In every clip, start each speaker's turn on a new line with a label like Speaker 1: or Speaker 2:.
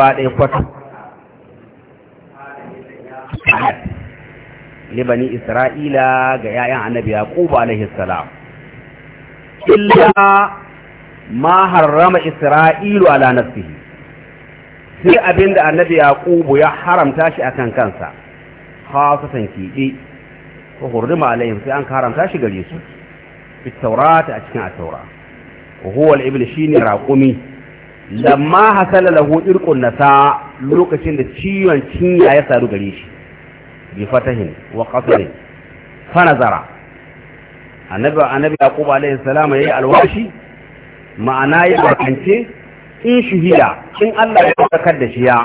Speaker 1: gaba ɗaya kwata libani isra'ila ga yayan annabi yaqub alaihi salam
Speaker 2: illa
Speaker 1: ma harrama isra'ilu ala nafsihi sai abinda annabi yaqub ya haramta shi akan kansa khasatan kiɗi ko hurrima alaihi sai an haramta shi gare su taurata a cikin at-taura wa huwa al-ibl shine raqumi lamma hasala lahu irqun nasa lokacin da ciwon cinya ya saru gare shi bi fatahin wa qasrin fa nazara annabi annabi yaqub alaihi salam yayi alwashi ma'ana ya bakance in shihida
Speaker 3: in Allah ya sakar
Speaker 1: da shi ya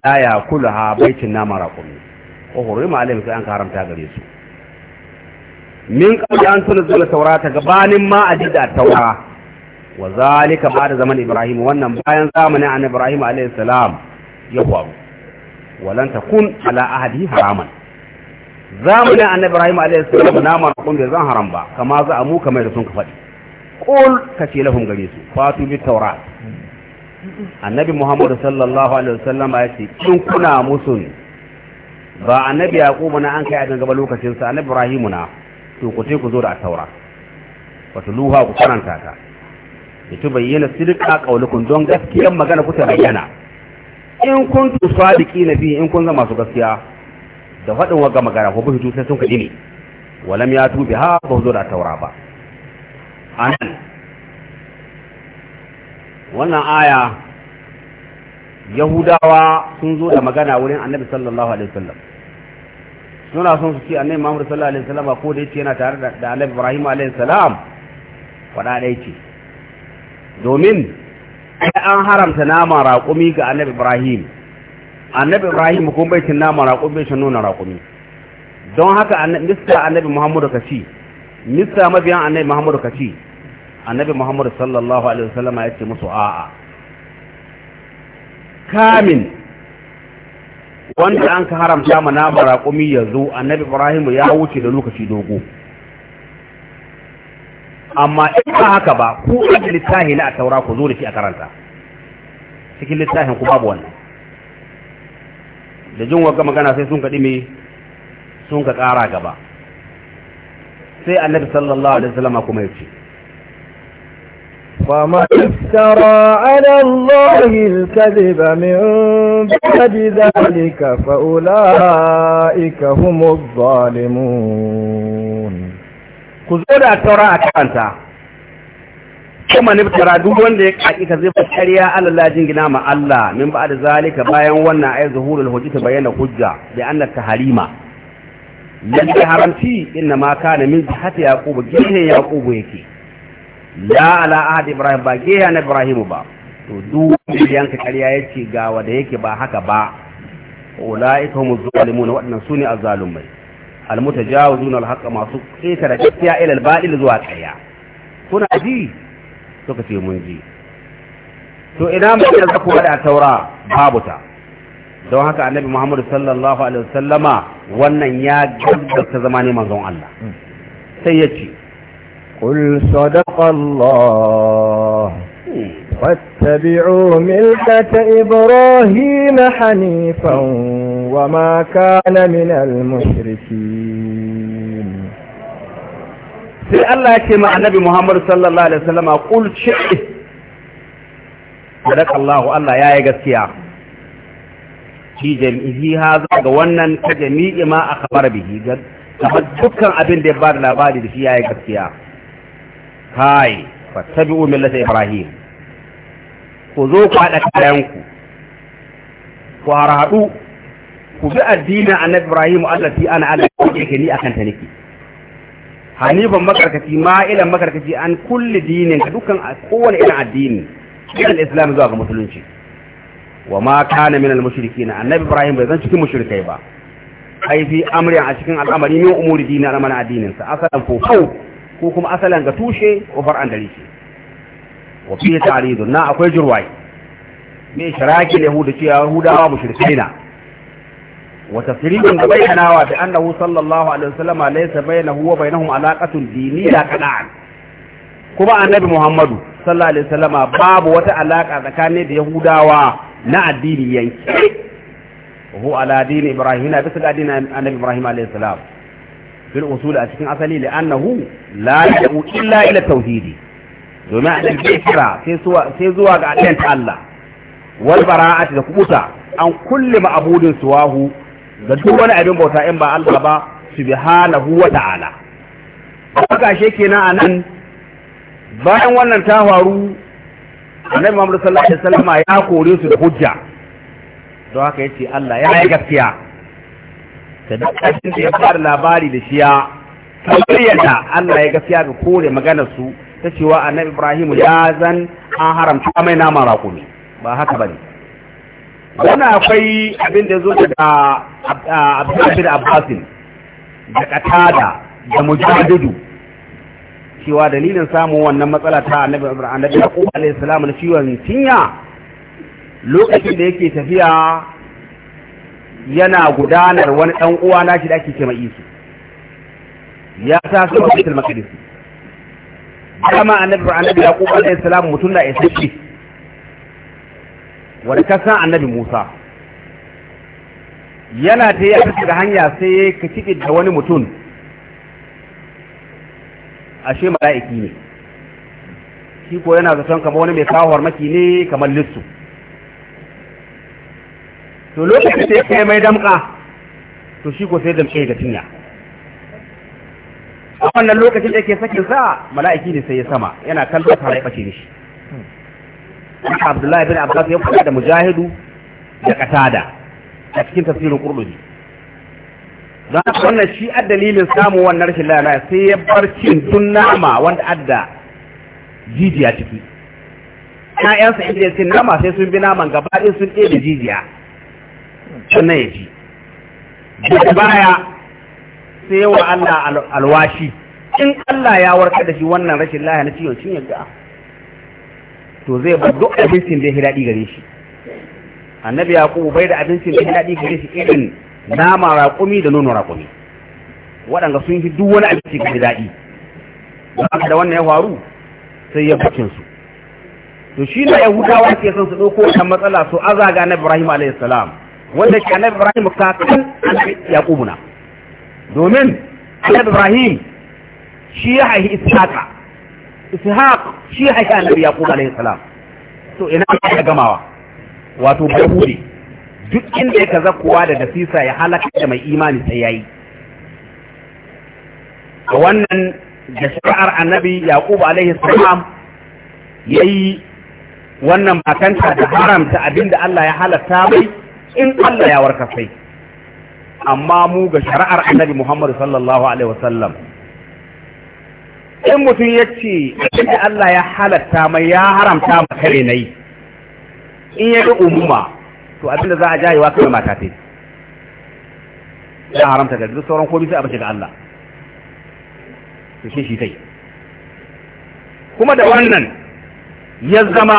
Speaker 1: la yakulaha baitin nama raqumi ko hurima alaihi sai an haramta gare su min qabli an tunzila tawrata gabanin ma ajida tawrata wa zalika ba da zaman ibrahim wannan bayan zamanin annabi ibrahim alaihi salam ya faru walan takun ala ahadi haraman zamanin annabi ibrahim alaihi salam naman kun bai zan haram ba kama za a mu kamar da sun ka faɗi qul kace lahum gare su fatu bi tawrat annabi muhammad sallallahu alaihi wasallam ya ce in kuna musun ba annabi yaqub na an kai a gaba lokacin sa annabi ibrahim na to ku ce ku zo da taura wato luha ku karanta ta ita bayyana sirka kaulukun don gaskiyar magana kuta bayyana in kun kuntu na bi in kun zama su gaskiya da fadin waga magana ko bitu sai sun kaji ne walam ya tu biha ba zo da taura ba anan wannan aya yahudawa sun zo da magana wurin annabi sallallahu alaihi wasallam suna son su ce annabi Muhammad sallallahu alaihi wasallam ko da yake yana tare da annabi Ibrahim alaihi salam wada dai ce domin an haramta nama raƙumi ga annabi ibrahim annabi ibrahim kun bai cin nama raƙumi bai cin nuna raƙumi don haka mista annabi muhammadu ka ci mista mabiyan annabi muhammadu ka ci annabi muhammadu sallallahu alaihi wasallama ya ce musu a'a kamin wanda an ka haramta ma nama raƙumi ya zo annabi ibrahim ya wuce da lokaci dogo amma in ba haka ba ku ajiye littafi na a taura ku zo da shi a karanta cikin littafin ku babu wannan da jin wagga magana sai sun kaɗi mai sun ka ƙara gaba sai annabi sallallahu alaihi wasallam kuma ya ce
Speaker 4: ومن افترى على الله الكذب من بعد ذلك فأولئك هم الظالمون ku zo da taura a karanta
Speaker 1: kuma ne duk wanda ya kaki ka zai fakariya Allah jingina ma Allah min ba da zalika bayan wannan ayat zuhurul hujja bayyana hujja bi anna taharima lalle haramci inna ma kana min jihati yaqub gihe yaqub yake la ala ahad ibrahim ba gihe na ibrahim ba to duk yanka kariya yace ga wanda yake ba haka ba ulaika humu zalimuna wadannan sune azzalumai almutajawizun alhaqqa masu ƙetare gaskiya ila albatil zuwa ƙarya kuna ji suka ce mun ji to ina mai saku zaku da taura babu ta don haka annabi Muhammad sallallahu alaihi wasallama wannan ya gaskata zamanin manzon Allah sai yace qul sadaqa
Speaker 2: hmm.
Speaker 4: واتبعوا ملة إبراهيم حنيفا وما كان من المشركين
Speaker 1: sai Allah ya ce ma annabi Muhammad sallallahu alaihi wasallama qul shi'i sadaka Allah Allah yayi gaskiya shi jami'i haza ga wannan ta jami'i ma akhbar bihi ga dukkan abin da ya bada labari da shi yayi gaskiya hai fattabi'u ibrahim ku zo ku haɗa kayanku ku harhaɗu ku bi addinin annabi Ibrahim Allah fi ana ala yake ni akan ta nake hanifan makarkaci ilan makarkaci an kulli dinin ka dukkan kowane irin addini irin islam zuwa ga musulunci wa ma kana min al-mushrikin annabi Ibrahim bai zan cikin mushrikai ba ai fi amri a cikin al'amari ne umuri dinin al'amarin addinin sa asalan fofau ko kuma asalan ga tushe ko far'an dare wa fihi ta'ridun na akwai jurwai me shiraki yahuda ce yahudawa mushrikaina wa tafsirin da bayyanawa bi annahu sallallahu alaihi wasallam laysa bainahu wa bainahum alaqatun diniyya kada'an kuma annabi muhammadu sallallahu alaihi wasallam babu wata alaka tsakanin da yahudawa na addini yanki وهو على دين إبراهيم بس دين النبي إبراهيم عليه السلام في الأصول أسكن أصلي لأنه لا يدعو إلا إلى التوحيد domin a ɗan kira sai zuwa ga ɗin ta Allah wal bara'ati da kubuta an kulle ma'abudin suwahu da duk wani abin bauta in ba Allah ba su bi subhanahu wa ta'ala haka ke kenan anan bayan wannan ta faru annabi Muhammad sallallahu alaihi wasallam ya kore su da hujja don haka yace Allah ya yi gaskiya da duk da ya fara labari da shiya kamar yadda Allah ya gaskiya ga kore maganar su ta cewa annabi Ibrahim ya zan an haramta nama naman raƙumi ba haka bane wannan akwai abin da zo daga Abdul Abbas da Qatada da Mujaddidu cewa dalilin samun wannan matsala ta annabi Ibrahim Yaqub alayhi salam na ciwon cinya lokacin da yake tafiya yana gudanar wani dan uwa nashi da ake cewa Isu ya taso a Baitul Maqdis dama annabi annabi yaqub alayhi salam mutum da yake wanda ka san annabi Musa yana ta yi daga hanya sai ka kiɗi da wani mutum ashe mala'iki ne shi ko yana zaton kamar wani mai kawo maki ne kamar lissu to lokacin sai kai mai damka to shi ko sai damke ga tinya wannan lokacin da yake sakin sa mala'iki ne sai ya sama yana kallon ta rai bace shi Abdullahi bin Abbas ya fada da mujahidu da katada a cikin tafsirin Qur'ani dan wannan shi a dalilin samu wannan rashin lafiya sai ya bar cin tun nama wanda adda jijiya ciki 'yan inda ya nama sai sun bi naman gaba ɗin sun da jijiya sannan ya ji baya sai wa Allah alwashi in Allah ya warkar da shi wannan rashin lahiya na ciwon cin yadda to zai ba duk abincin da ya daɗi gare shi annabi ku bai da abincin da ya daɗi gare shi irin nama raƙumi da nono raƙumi waɗanda sun fi duk wani abinci ga daɗi don haka da wannan ya faru
Speaker 2: sai ya bukin su
Speaker 1: to shi ne yahudawa ke son su ɗauko wannan matsala su azaga na ibrahim alayhi salam wanda ke na ibrahim kakan ya ƙubuna na domin na ibrahim shi ya haihi ishaqa ishaq shi ya haihi annabi yaqub alayhi salam to ina ka gamawa wato hude. duk inda ya kaza kowa da dasisa ya halaka da mai imani sai yi. a wannan da shari'ar annabi yaqub alaihi salam yi wannan bakanta da haramta abinda Allah ya halatta mai in Allah ya warka sai amma mu ga shari'ar annabi Muhammadu sallallahu alaihi wasallam
Speaker 4: in mutum ya ce inda
Speaker 1: Allah ya halatta mai ya haramta ma kare nai in ya ga umuma to abinda za a jayewa kawai mata ta ya haramta ga sauran komai sai a bace ga Allah to shi shi tai kuma da wannan ya zama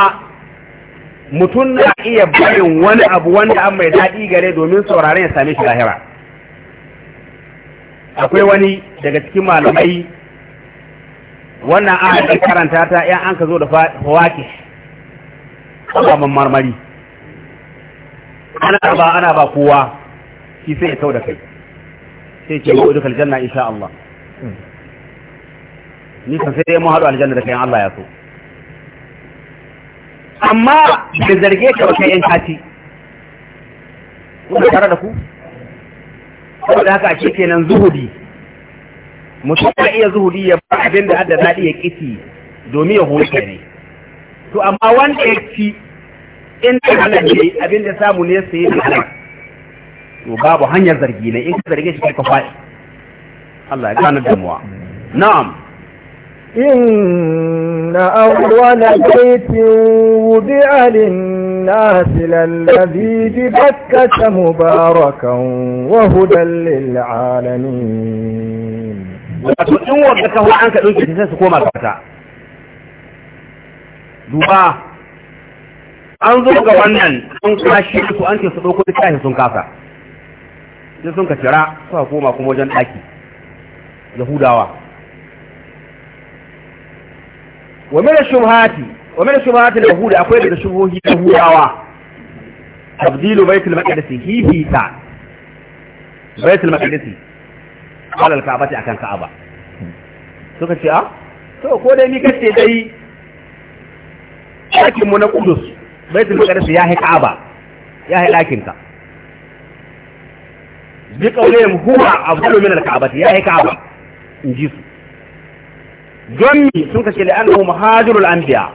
Speaker 1: mutum na iya barin wani abu wanda an mai daɗi gare domin sauraren ya same shi lahira akwai wani daga cikin malamai wannan an da karanta ta yan an ka zo da fawaki ababen marmari ana ba ana ba kowa shi sai ya kau da kai sai ce ma'udu kaljanna insha Allah ni kan sai dai mun haɗu aljanna da kayan Allah ya so amma da zarge ka wata yan kati kuna tare da ku saboda haka ake kenan zuhudi mutum na iya zuhudi ya ba abin da adda daɗi ya kiti domin ya huta ne to amma wanda ya ci in da halal ne abin da samu ne sai ya halal to babu hanyar zargi ne in ka zarge shi ka faɗi Allah ya gano damuwa na'am
Speaker 2: إن
Speaker 4: أول بيت وضع للناس للذي ببكة مباركا وهدى للعالمين wato in wanda kawo an ka ɗauke sai su koma gabata
Speaker 1: duba an zo ga wannan an kwashi su an ce su ɗauko da kashi sun kasa sai sun ka kira suka koma kuma wajen ɗaki yahudawa wa mera shubhati wa mera shubhati da yahuda akwai daga shubhohi da yahudawa tabdilu baitul maqdis ta baitul maqdis alal ka'aba ta akan ka'aba suka ce a ah, to ko dai ni kace dai ɗakin mu na Qudus baitul maqdis ya hi ka'aba ya hi ɗakin ka bi qawlihim huwa afdalu min al-ka'aba ya hi ka'aba in su don mi sun kace da annahu muhajirul anbiya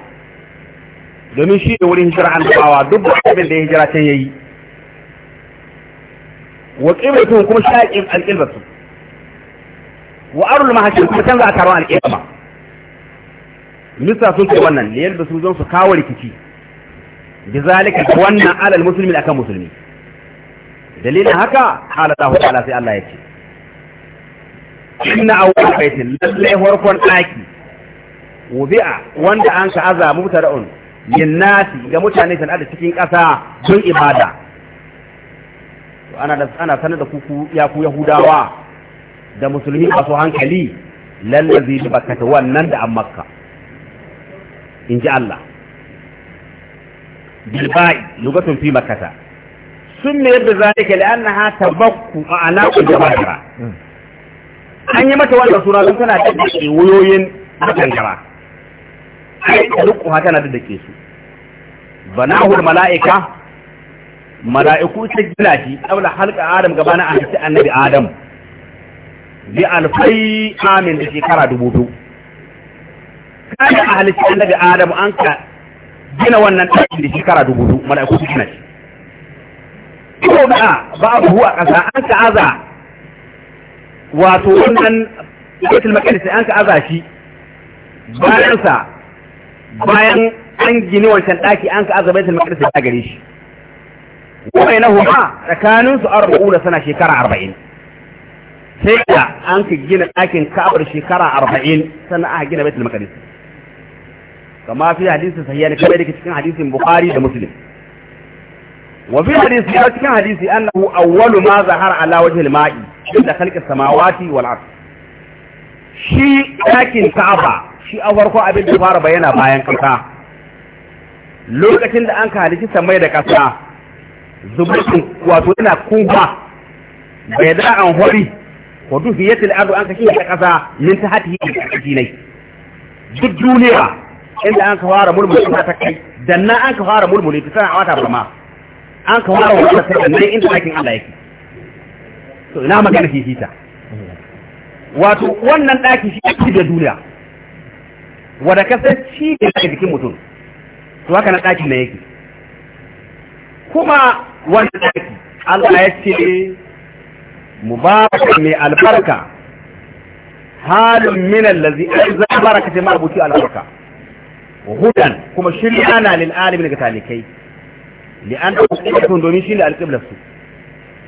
Speaker 1: domin shi ne wurin hijira annabawa duk da abin da ya hijira ta yayi wa qiblatuhum kuma shaqin al-qiblatu wa arul mahashir kuma canza a taron alƙiyama lissa sun ce wannan ne yadda su zan su kawo rikici bi zalika wannan alal musulmi akan musulmi dalilin haka hala ta hukala sai Allah ya
Speaker 2: ce inna awwal
Speaker 1: baitin lallai farkon daki wubi'a wanda an ka aza mubtada'un linnasi ga mutane sana'a da cikin kasa don ibada ana ana sanar da ku ya ku yahudawa da musulmi masu hankali lallazi da bakata wannan da an makka in ji Allah bilba'i lugatun fi makata sun ne yadda An zalika ta tabakku a alaƙun jama'a an yi mata wannan suna don tana daddake wayoyin makangara ai rukuha tana da daddake su Bana banahul mala'ika mala'iku ta gina shi qabla halqa adam gabanin annabi adam bi alfai amin da shekara dubu biyu kada a an daga adamu an ka gina wannan ɗakin da shekara dubu biyu mala'iku su gina shi ko da ba a buhuwa ƙasa an ka aza wato wannan baitul maqdis an ka aza shi bayan sa bayan an gini wancan ɗaki an ka aza baitul maqdis ta gare shi wa bainahuma tsakanin su arba'u da sana shekara arba'in sai da an ka gina ɗakin ka'abar shekara arba'in sannan aka gina baitul maqdis kama fi hadisi sahiya ne kamar yake cikin hadisin bukhari da muslim wa fi hadisi ya cikin hadisi annahu awwalu ma zahara ala wajhi al-ma'i inda khalqi samawati wal ard shi ɗakin ka'aba shi a farko abin da fara bayyana bayan kanka lokacin da an ka halici samai da kasa zubutun wato yana kuma bai da an hori wa da ardu an kashi ta kasa min tahtihi dinai duk duniya inda an ka fara mulmuli ta kai dan nan an ka fara mulmuli ta sana wata burma an ka fara wata ta ne inda lakin Allah yake to ina magana ta. wato wannan daki shi ake da duniya wanda kasar shi ne daga jikin mutum to haka na daki ne yake kuma wannan daki Allah ya ce mubarak mai albarka halin min allazi ai za baraka sai mabuci albarka
Speaker 2: hudan kuma shirya na lil
Speaker 1: alimin ga talikai li an ta kuɗin domin shi ne alƙiblar su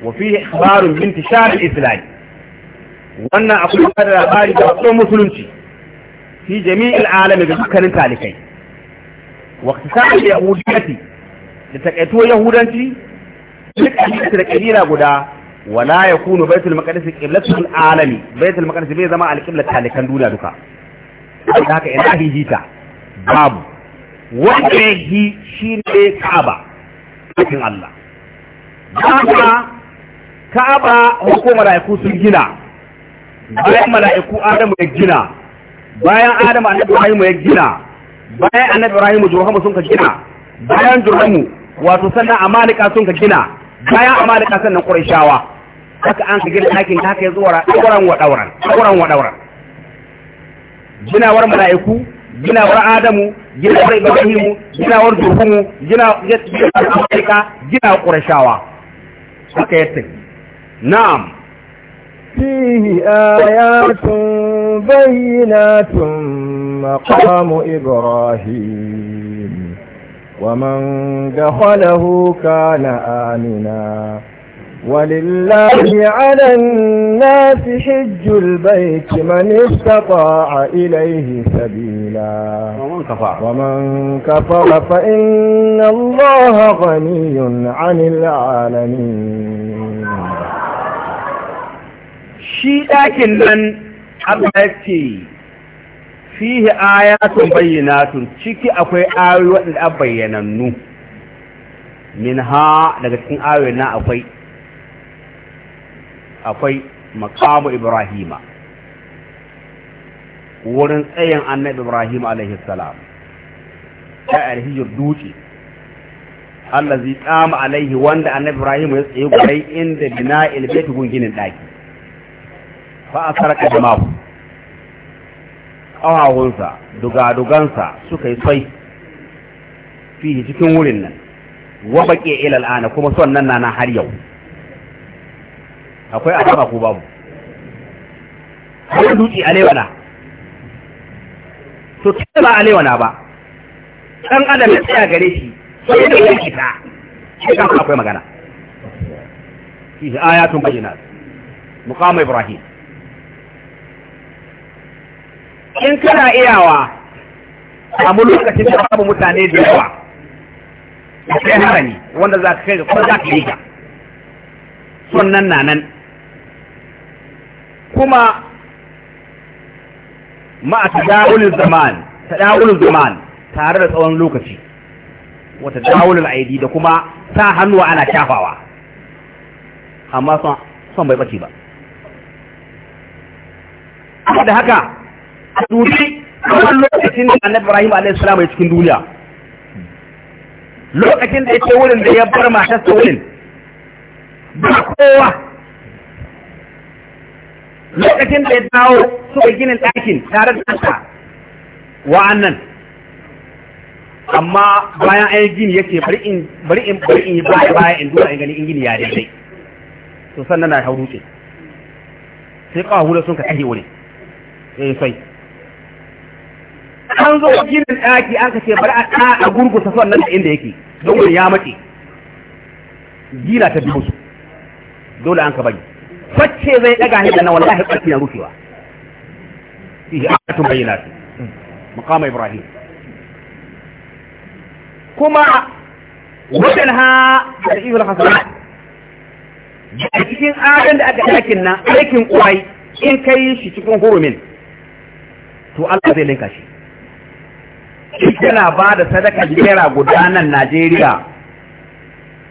Speaker 1: wa fi ikhbarun min tishar wannan akwai da labari da wasu musulunci fi jami'il alami ga dukkanin talikai wa yahudiyati da takaito yahudanci duk a da guda wala yakunu baitul maqdis qiblatul alami baitul maqdis bai zama alqibla talikan duniya duka da haka ina hijita babu wanda yi shi ne ka'aba cikin Allah
Speaker 2: ka'aba
Speaker 1: ka'aba hukumar malaiku sun gina bayan mala'iku Adamu ya gina bayan Adamu annabi Ibrahim ya gina bayan annabi Ibrahim Jurhamu sun ka gina bayan Jurhamu wato sannan Amalika sun ka gina bayan Amalika sannan haka an ka gina ɗakin haka kai zuwa ɗauran wa ɗauran ɗauran wa ɗauran ginawar mala'iku ginawar adamu ginawar ibrahimu ginawar durhumu ginawar amurka ginawar ƙurashawa haka ya tafi na'am
Speaker 2: فيه
Speaker 4: آيات بينات مقام إبراهيم ومن دخله كان آمناً ولله على الناس حج البيت من استطاع إليه سبيلا ومن كفر, ومن كفر فإن الله غني عن العالمين shi ɗakin nan Allah ya ce fihi ayatun bayyanatun
Speaker 1: ciki akwai ayoyi waɗanda bayyanannu min ha daga cikin ayoyi na akwai akwai makamu ibrahima wurin tsayin annabi ibrahim alaihi salam ta alhijir duki allazi qama alaihi wanda annabi ibrahim ya tsaye gurai inda bina ilbaitu gunginin daki fa asaraka jama'u kawawunsa dugadugansa suka yi sai fi cikin wurin nan wa baqi ila al'ana kuma son nan na har yau akwai alama ko babu
Speaker 2: akwai dutse alewana
Speaker 1: to kike ba alewana ba dan adam ya tsaya gare shi sai da yake ta sai kan akwai magana da ayatun bayyinat muqam ibrahim in kana iyawa samu lokacin da babu mutane da yawa da kai harami wanda za ka kai ga kuma za ka yi ga sunan na nan kuma ma'a tadawulul zaman tadawulul zaman tare da tsawon lokaci wata tadawulul aidi da kuma sa hannuwa ana shafawa amma son son bai bace ba da haka a dubi lokacin da annabi Ibrahim alaihi salam ya cikin duniya
Speaker 2: lokacin da yake wurin da ya bar
Speaker 1: matarsa wurin ba kowa lokacin da ya dawo suka ginin ɗakin tare da ɗansa wa'annan amma bayan an yi gini ya ce bari in bari in yi baya baya in duba in gani in gini ya daidai to sannan na hau dutse sai kawo hula sun ka kashe wuri eh sai
Speaker 2: an zo ginin
Speaker 1: ɗaki an ka ce bari a ta a gurgusa sannan da inda yake don ya mace gina ta biyu dole an ka bari
Speaker 2: kwace zai daga ni na wallahi kwace
Speaker 1: na rufewa fihi ayatun bayyinat maqam ibrahim kuma wajen al ibrahim hasan a cikin adan da aka ɗakin nan aikin kwai, in ka yi shi cikin hurumin to Allah zai linka shi kana ba da sadaka naira guda nan Najeriya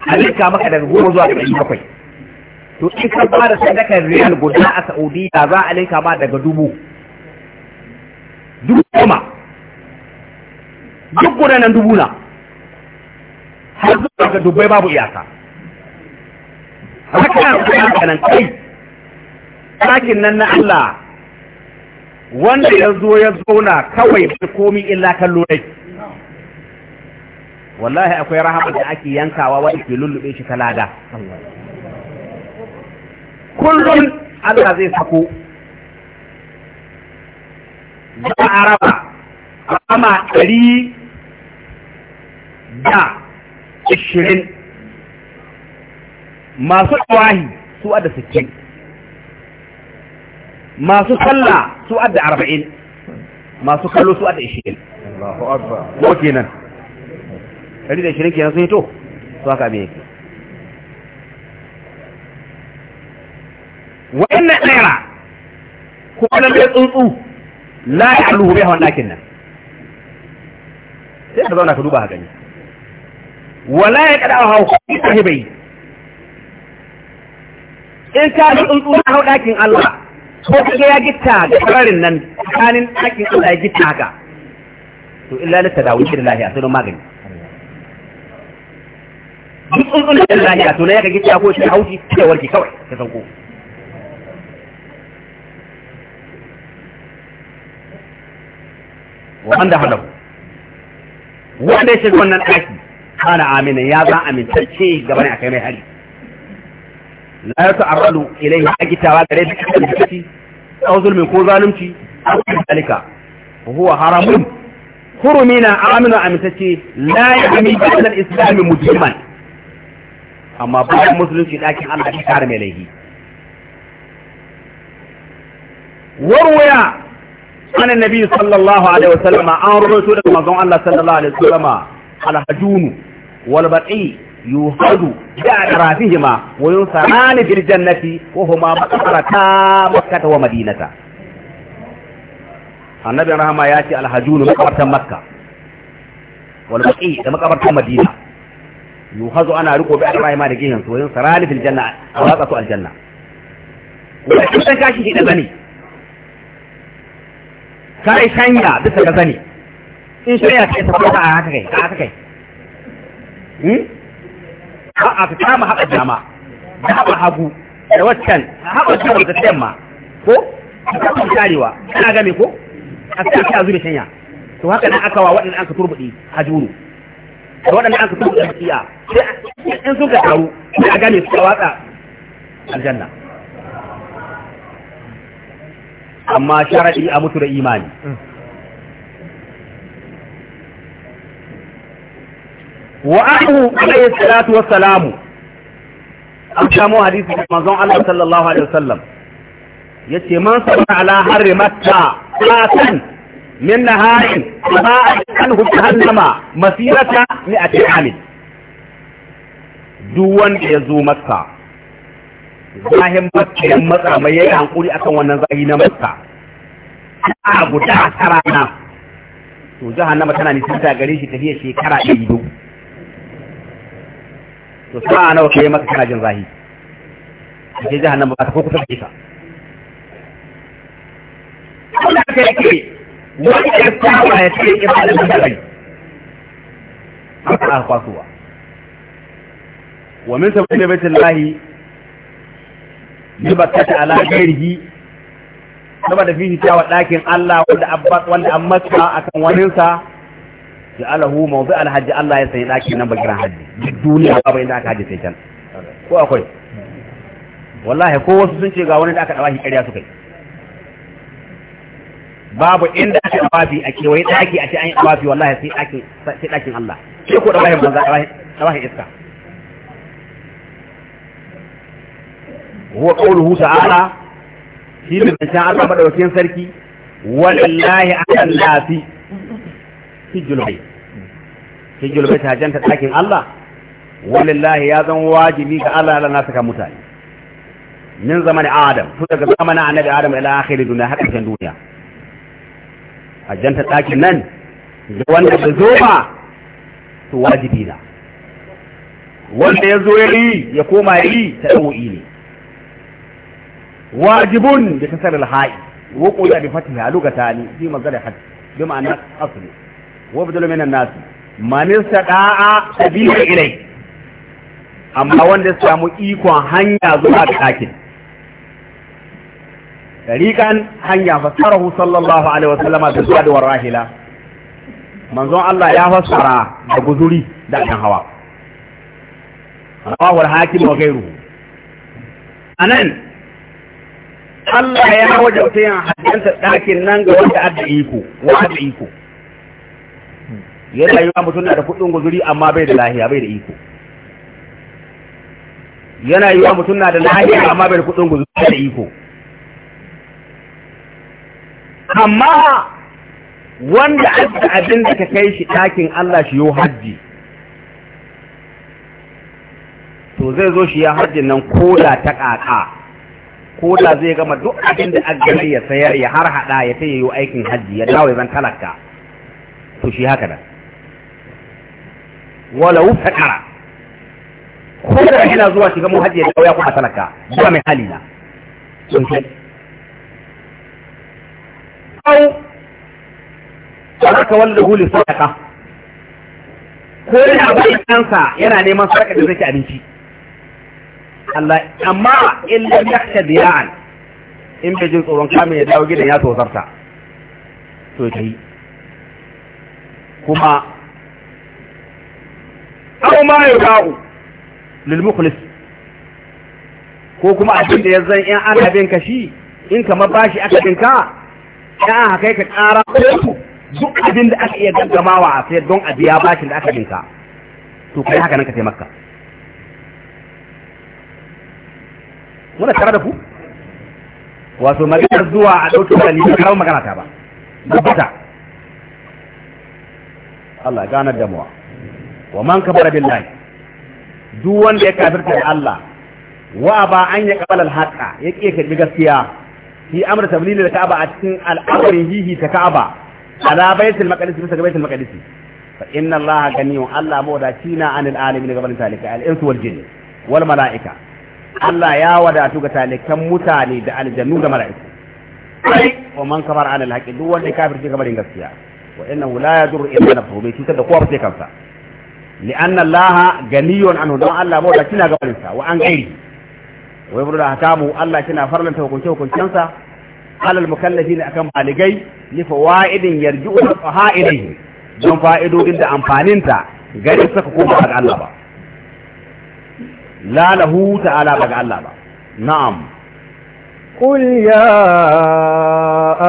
Speaker 1: a linka maka daga goma zuwa ɗari bakwai to in ka ba da sadakar riyal guda a Saudiya za a linka ma daga dubu dubu goma duk guda nan dubu na har zuwa ga dubbai babu iyaka haka fi kuma nan kai ɗakin nan na Allah wanda ya zo ya zauna kawai bai komi illa kallo dai wallahi akwai rahama da ake yankawa wanda ke lullube shi lada. kullum Allah zai sako za a raba kama ɗari da ishirin masu ɗawahi su adda sittin masu sallah su adda arba'in masu kallo su adda ashirin ko kenan ɗari da ashirin kenan sun to? su haka me yake wa'annan naira ko nan bai tsuntsu la ya aluhu bai hawan ɗakin nan sai ka zauna ka duba gani wala ya kada a hau kuɗi hibai in ka yi tsuntsu na hau ɗakin Allah ko kake ya gitta ga kararin nan tsakanin ɗakin Allah ya gitta haka to illa lissa da wuce da lahiya sai don magani duk tsuntsun da lahiya to na ya ka gitta ko shi hauki sai warke kawai ka sauko wanda hada ku wanda ya shiga wannan ɗaki kana amina ya za amintacce gaba ne a kai mai hari la ya ta'arradu ilayhi akitawa gare da kan jiki aw zulmin ko zalunci aw dalika huwa haramun hurumina amina amintacce la ya ami bayan al-islam amma bayan musulunci ɗakin Allah ya kare mai laifi warwaya عن النبي صلى الله عليه وسلم عن رسول الله صلى الله عليه وسلم على الحجون والبرعي يوحد بأعرافهما وينصران في الجنة وهما مقبرتا مكة ومدينة النبي رحمه ياتي على الحجون مقبرة مكة والبقي مقبرة مدينة يوحد أنا ركو بأعرافهما لجيهم وينصران في الجنة ويقصوا الجنة ولكن كاشي شيء أبني ka yi shanya bisa ka sani in shirya ka yi tafiya a haka kai a haka kai hmm? a a ka kama haɓa jama, da haka hagu da waccan haɓa dama da ma ko ka kama sharewa kana game ko a sai a zube shanya to haka nan aka wa waɗanda an ka turbuɗi a juru da waɗanda an ka turbuɗi a
Speaker 2: sai in sun ka taru
Speaker 1: sai a gane su a watsa aljanna amma sharaɗi a mutu da imani mm. wa ahu alayhi salatu wa Salamu, an samu hadisi da manzon Allah sallallahu alaihi wasallam yace man sabara ala harri matta qatan min naharin fa anhu jahannama masirata mi'ati amin duk wanda ya zo makka zahin matsayin matsa mai yayi hankuri akan wannan zahi na matsa a guda ta rana to jahannama tana nisanta gare shi tafiya shekara ɗaya biyu to sa'a nawa kai maka kana jin zahi ke jahannama ba ta ko kusa da kisa ka ta yake wani ya tsawa ya ya ibada da kai haka kwasuwa wa min sabbi baitin lahi libakkata ala gairihi da fi wa ɗakin Allah wanda abbas wanda an masa akan waninsa ya alahu mawdu alhaji Allah ya sanya ɗakin nan bakiran haji duk duniya babu da aka haji sai can ko akwai wallahi ko wasu sun ce ga wani da aka shi ƙarya suka yi babu inda aka dawafi a kewaye ɗaki a ce an yi dawafi wallahi sai ɗakin Allah sai ko dawahin banza dawahin iska huwa qawluhu ta'ala shi ne da shan Allah madaukakin sarki wallahi ala nafi hijjul bayt hijjul bayt hajanta dakin Allah wallahi ya zan wajibi ga Allah ala nasu ka mutane min zamani adam tun daga zamanin annabi adam ila akhiri duniya har ƙarshen duniya hajjanta dakin nan da wanda bai wajibi na wanda ya zo ya yi ya koma yi ta ɗau'i ne Wajibin da kasar al-ha'i wa qul bi fatiha lugatani fi mazal hadd bi ma'ana asli wa badalu min an-nas man amma wanda ya samu ikon hanya zuwa dakin tariqan hanya fasarahu sallallahu alaihi wa sallama bi sadi wa rahila manzon Allah ya fassara da da kan hawa rawahu al anan
Speaker 2: Allah ya
Speaker 1: wajauta yin hajjanta ɗakin nan ga wanda adda iko wanda iko yana yi wa mutum na da kuɗin guzuri amma bai da lahiya bai da iko yana yi wa mutum na da lahiya amma bai da kuɗin guzuri bai da iko amma wanda adda abin da ka kai shi ɗakin Allah shi yo hajji to zai zo shi ya hajjin nan ko da ta ƙaƙa ko da zai gama duk abin da aggari ya sayar ya har hada ya sai yayi aikin hajji ya dawo zan talaka to shi haka da walau fakara ko da yana zuwa shiga mu hajji ya dawo ya kuma talaka ba mai hali na au sadaka wallahu li sadaqa
Speaker 2: ko da bayan kansa yana neman sadaka da zai
Speaker 1: ci abinci Allah amma in lam yakhsha an, in bai jin tsoron kamin ya dawo gidan ya tozarta to yi kuma aw ma yudau lil mukhlis ko kuma abin da yanzu in an abin ka shi in kamar bashi aka bin ka ya aka kai ka ƙara ko duk abin da aka iya gaggamawa a sai don a biya bashin da aka bin ka to kai haka nan ka taimaka muna tare da ku wato maganar zuwa a ɗauki wani ne karawar magana ta ba Allah da muwa wa man kafara billahi duk wanda ya kafirta da Allah wa ba an ya kabala ya ke karbi gaskiya fi amr tablil ka'aba a cikin al'amarin hihi ta ka'aba ala baitul maqdis bisa baitul maqdis fa inna allaha ganiyun allah mawdaci na anil alamin gaban talika al insu wal jinn wal malaika Allah ya wadatu ga talikan mutane da aljannu da mala'iku wa man kamar an alhaqi duk wanda kafir shi kamarin gaskiya wa inna la yadur illa nafsuhu bi cutar da kowa ba sai kansa li'anna Allah ganiyun anhu don Allah ba da kina gabarin sa wa an gairi wa yabru da hakamu Allah kina farlanta hukunce hukuncensa alal mukallafin akan baligai li fawaidin yarji'u ha ilayhi don fa'idodin da amfaninta gari saka ba ga Allah ba la lahu ta'ala ba ga Allah ba na'am قل يا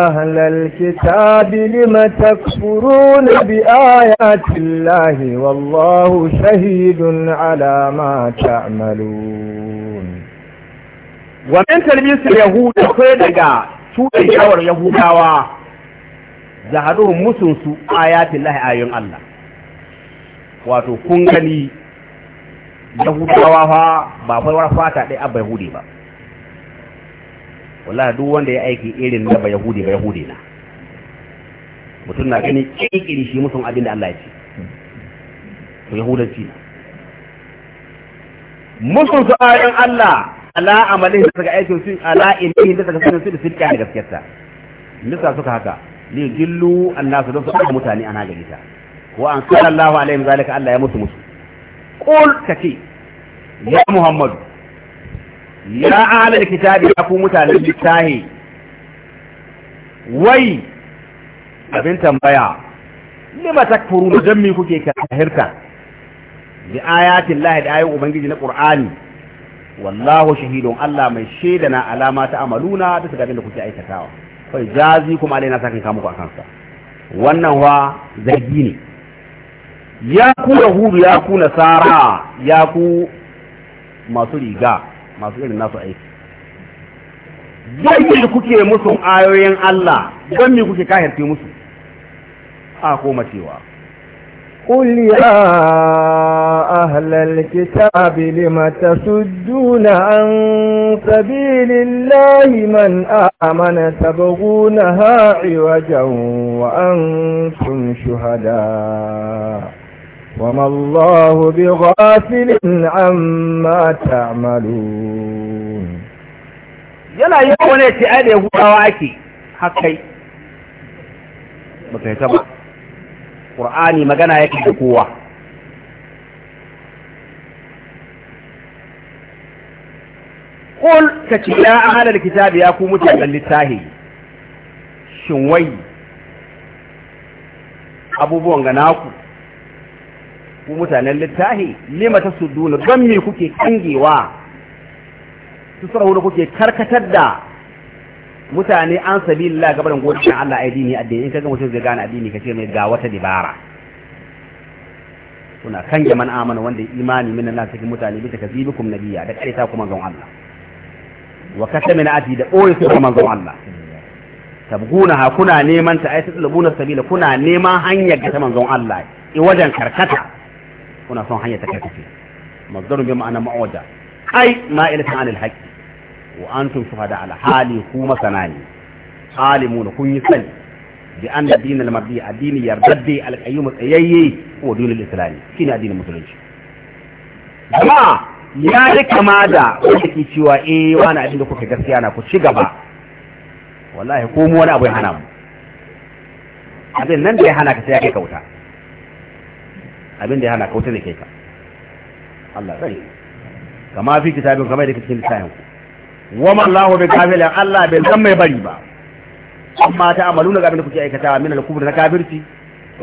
Speaker 4: أهل الكتاب لم تكفرون بآيات الله والله شهيد على ما تعملون
Speaker 1: ومن تلبيس اليهود فيدقى
Speaker 2: سوء الشاور اليهود
Speaker 1: zahaduhum musunsu ayatin lahi ayoyin Allah wato kun gani yahudawa fa ba wara fata ɗaya abba yahudi ba wallahi duk wanda ya aiki irin na ba yahudi ba yahudi na mutum na ganin kirkiri shi musun abin da Allah ya ce to yahudanci na musun su ayoyin Allah ala amalin da suka aikin su ala inni da suka sanin su da sirka da gaskiyarsa nisa suka haka li dillu annasu da su mutane ana gari ta wa an sallallahu alaihi wa zalika Allah ya musu musu qul kace ya muhammadu ya ahlal kitabi ya ku mutanen littafi. wai abin tambaya lima takfuruna dan mi kuke kafirta bi ayatin da ayoyin ubangiji na qur'ani wallahu shahidun Allah mai shaida na alama ta amaluna da su da kuke aikatawa fa jazi kuma alaina sakan kamu ku akan sa wannan wa zargi ne ya ku yahudu ya ku nasara ya ku masu riga masu irin nasu aiki da kuke musu ayoyin Allah don me kuke kahirce musu a koma cewa
Speaker 4: قل يا أهل الكتاب لم تسدون عن سبيل الله من آمن تبغونها عوجا وأنتم شهداء وما الله بغافل عما تعملون
Speaker 1: yana yi wani ce ai da yahudawa ake hakai baka yi taba ƙur'ani magana yake da kowa ƙul ka ce ya ahalar kitabi ya ku mutanen littahi shin wai abubuwan ga naku ku mutanen littahi lima ta su duna don me kuke kangewa su sarau da kuke karkatar da mutane an sabi lillah gabarin godin Allah ai dini addini in kaga mutum zai gane addini ce mai ga wata dibara kuna kange man amana wanda imani minna Allah cikin mutane bi takazibukum nabiyya da ta kuma zan Allah wa katamina ati da oyi su kuma zan Allah tabguna kuna neman ta ai su labuna sabila kuna neman hanyar ga ta manzon Allah i wajen karkata kuna son hanyar ta kuke masdaru bi ma'ana ma'uda ai ma'ilatan anil haqqi wa antum shuhada ala hali ku masanani alimuna kun yi sani bi anna dinal mardi addini yardaddi al qayyim tsayayye ko dinul islam shine addinin musulunci
Speaker 2: jama'a ya yi kama da
Speaker 1: wanda ke cewa eh wani abin da kuka gaskiya na ku ci gaba wallahi ko mu wani abu ya hana mu abin nan da ya hana ka sai ya kai kauta abin da ya hana wuce da kai ka Allah zai kama fi kitabin kamar da kake cikin littafin ku wa ma Allahu bi kafilan Allah bai san mai bari ba amma ta amalu na abin da kuke aikatawa min al-kubr na kafirci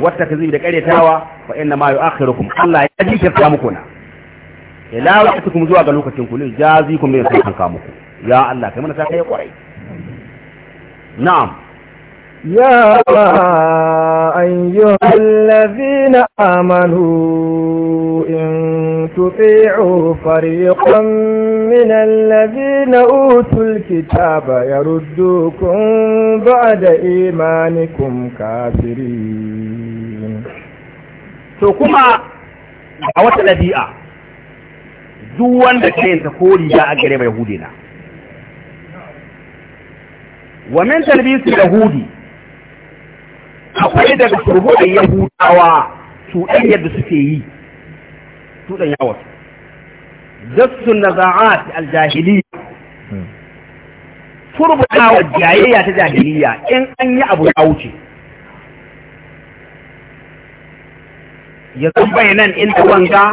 Speaker 1: wata kazi da karyatawa fa inna ma yu'akhirukum Allah ya ji jinkirta muku na ila waqtikum zuwa ga lokacin ku jazikum min sai kan muku ya Allah kai mana ta kai kwarai
Speaker 4: na'am يا أيها الذين آمنوا إن تطيعوا فريقا من الذين أوتوا الكتاب يردوكم بعد إيمانكم كافرين سوكما أوت الذيئة دوان
Speaker 1: بكين تقول يا أجرب يهودنا ومن تلبيس اليهودي akwai daga hutawa yahudawa ɗan yadda suke yi cuɗan yawon dassun na za'at aljahiliya turbuɗa hmm. yawon jayayya ta jahiliya in an yi abu ya wuce ya zan bayanan inda wanga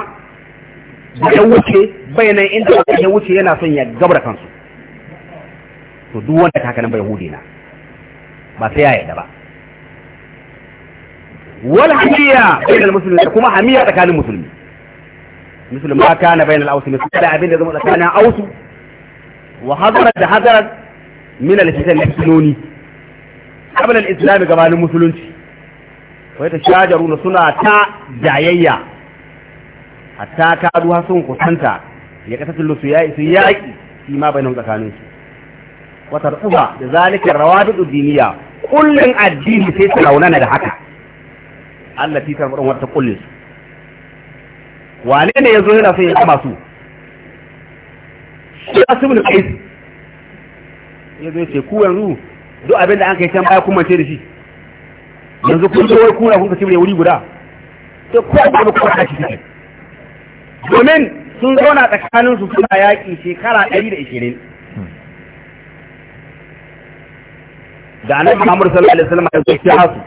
Speaker 1: ya wuce bayanan inda wanga ya wuce yana son ya gabra kansu to duk wanda kakanin bai hudu na ba sai ya da ba wal hamiya bainal muslimin da kuma hamiya tsakanin musulmi mislu ma kana bainal ausi mislu da abin da zama tsakanin ausu wa hadarat da hadarat min al-fitan al-sununi qabla al gabanin musulunci wai ta shajaruna suna ta jayayya hatta ta duha sun kusanta ya kasatu lusu yayi su yaki shi ma bainun da zalika rawabidu diniya kullun addini sai su raunana da haka Allah fi tamurun wata kulle su wane ne ya zo yana son ya kama su shi asibul qais ya zo ce ku yanzu duk abin da an kai can baya kuma ce da shi
Speaker 2: yanzu kun zo wai
Speaker 1: kuna kun kace wuri guda to ko ba ku kuma shi domin sun zauna tsakanin su suna yaƙi shekara ɗari da annabi Muhammad sallallahu alaihi wasallam ya zo ya hasu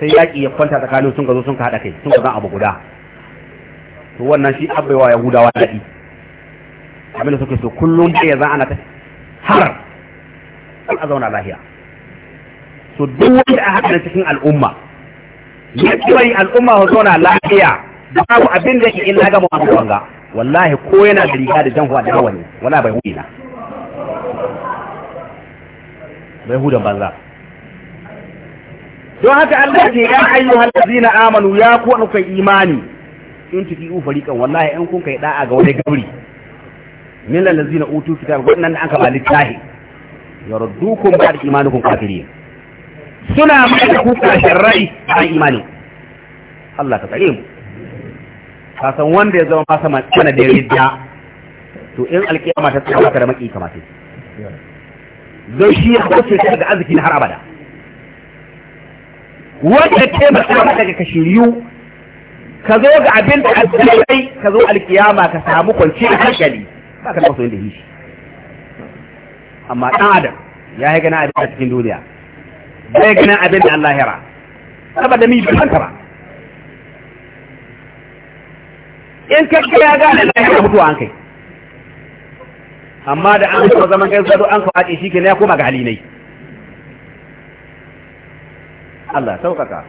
Speaker 1: sai yaƙi ya kwanta tsakanin sun ka zo sun ka haɗa kai sun ka zan abu guda to wannan shi abaiwa yahudawa daɗi abin da suke so kullum da ya za ana ta har an a zauna lahiya so duk wanda a haɗa cikin al'umma ya bari al'umma su zauna lahiya
Speaker 2: babu abin da ke na ga wani wanga
Speaker 1: wallahi ko yana da riga da janhuwa da wani wala bai hudu na bai hudan banza don haka Allah ce ya ayyuhal ladzina amanu ya ku an kai imani in tuki u fariqan wallahi in kun kai da'a ga wani gabri min ladzina utu kitab wannan an ka balitahi yardukum ba'da imanikum kafirin
Speaker 4: suna mai ku
Speaker 1: rai a imani Allah ka tsare mu ka san wanda ya zama masa mana da ridda to in alkiyama ta tsaya maka da maki kamata don shi ya kwace ka daga arziki na har abada wanda taimaka maka daga ka ka zo ga abin da alƙalai ka zo alkiyama ka samu a hankali ba ka taɓa da hishi amma ɗan adam ya yi gana abin a cikin duniya bai gana abin da Allah hira da mi hanka ba in ka ya gane lahira mutuwa an kai amma da an zo zaman gaisuwa an kawace shi ke ya koma ga halinai
Speaker 4: Allah sauƙaƙa